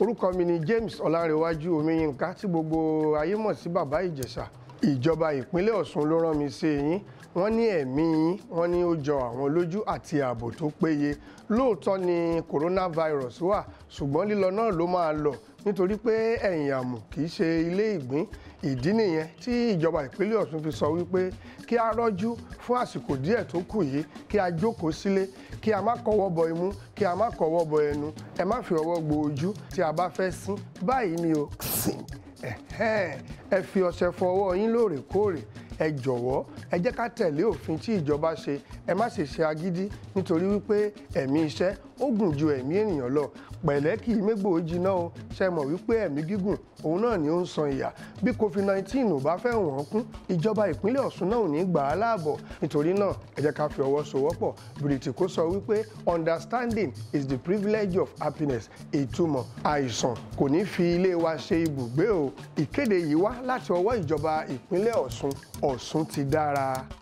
orúkọ mi ni James Ọlárẹwájú Omiyinka tí gbogbo ayé mọ̀ sí Bàbá Ìjẹ̀ṣà ìjọba ìpínlẹ̀ Ọ̀ṣun ló rán mi sí yín wọ́n ní ẹ̀mí yín wọ́n ní ó jọ àwọn lójú àti ààbò tó péye lóòótọ́ ni coronavirus wà ṣùgbọ́n lílọ náà ló máa lọ nítorí pé ẹ̀yìn àmù kì í ṣe ilé ìgbín ìdí nìyẹn tí ìjọba ìpínlẹ̀ Ọ̀ṣun fi sọ wípé kí a rọ́jú fún àsìkò díẹ̀ tó kù yìí kí a jókòó sílé kí a má kọwọ́ bọ imú kí a má kọwọ́ bọ ẹnu ẹ má fi ọwọ́ gbo ojú tí a bá fẹ́ sín báyìí ni o sín ẹ̀hẹ́n ẹ fi ọsẹ fọ ọwọ́ yín lóòrèkóòrè ẹ jọ̀wọ́ ẹ jẹ́ ká tẹ̀lé òfin tí ìjọba ṣe ẹ má ṣe ṣe agídí nítorí wípé ẹ̀mí iṣẹ́ ó gùn ju ẹ̀mí ènìyàn lọ pẹ̀lẹ́ kì í mégbò jiná o ṣe mọ̀ wípé ẹ̀mí gígùn òun náà ni ó ń san ìyà bí covid-19 ò bá fẹ́ wọ́n kún ìjọba ìpínlẹ̀ Ọ̀ṣun náà ò ní gbà á láàbọ̀ nítorí náà ẹ jẹ́ ká fi ọwọ́ sowọ́pọ̀ bìrìtì kó sọ wípé understanding is the privilege of happiness ìtumọ̀ àìsàn kò ní fi ilé wa ṣe ibùgbé o ìkéde yìí wá láti ọwọ́ ìjọba ìpínlẹ̀ Ọ̀ṣun Ọ̀ṣun ti dára.